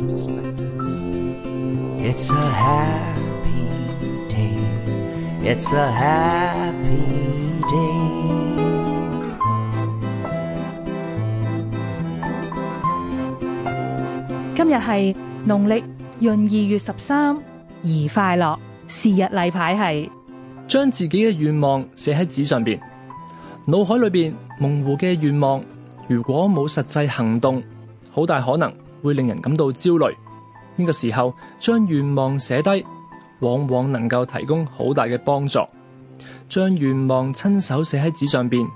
今日係農曆閏二月十三，宜快樂。是日例牌係將自己嘅願望寫喺紙上邊，腦海裏邊模糊嘅願望，如果冇實際行動，好大可能。會令人感到焦慮。呢個時候將願望寫低，往往能夠提供好大嘅幫助。將願望親手寫喺紙上邊，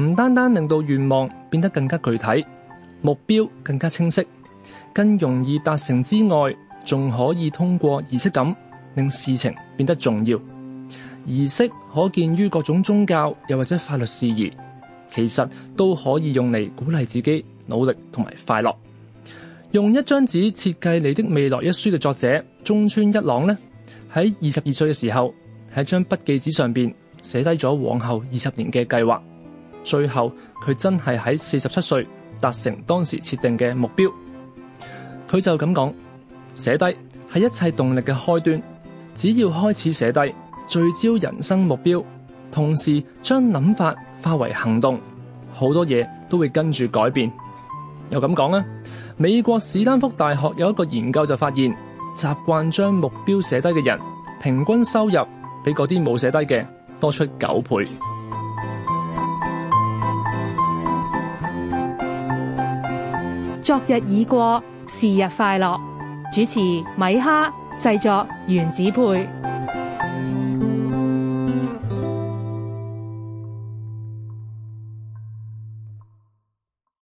唔單單令到願望變得更加具體，目標更加清晰，更容易達成之外，仲可以通過儀式感令事情變得重要。儀式可見於各種宗教，又或者法律事宜，其實都可以用嚟鼓勵自己努力同埋快樂。用一張紙設計你的未來一書嘅作者中村一朗呢？喺二十二歲嘅時候喺張筆記紙上邊寫低咗往後二十年嘅計劃，最後佢真係喺四十七歲達成當時設定嘅目標。佢就咁講：寫低係一切動力嘅開端，只要開始寫低，聚焦人生目標，同時將諗法化為行動，好多嘢都會跟住改變。又咁講啊！美國史丹福大學有一個研究就發現，習慣將目標寫低嘅人，平均收入比嗰啲冇寫低嘅多出九倍。昨日已過，是日快樂。主持米哈，製作原子配。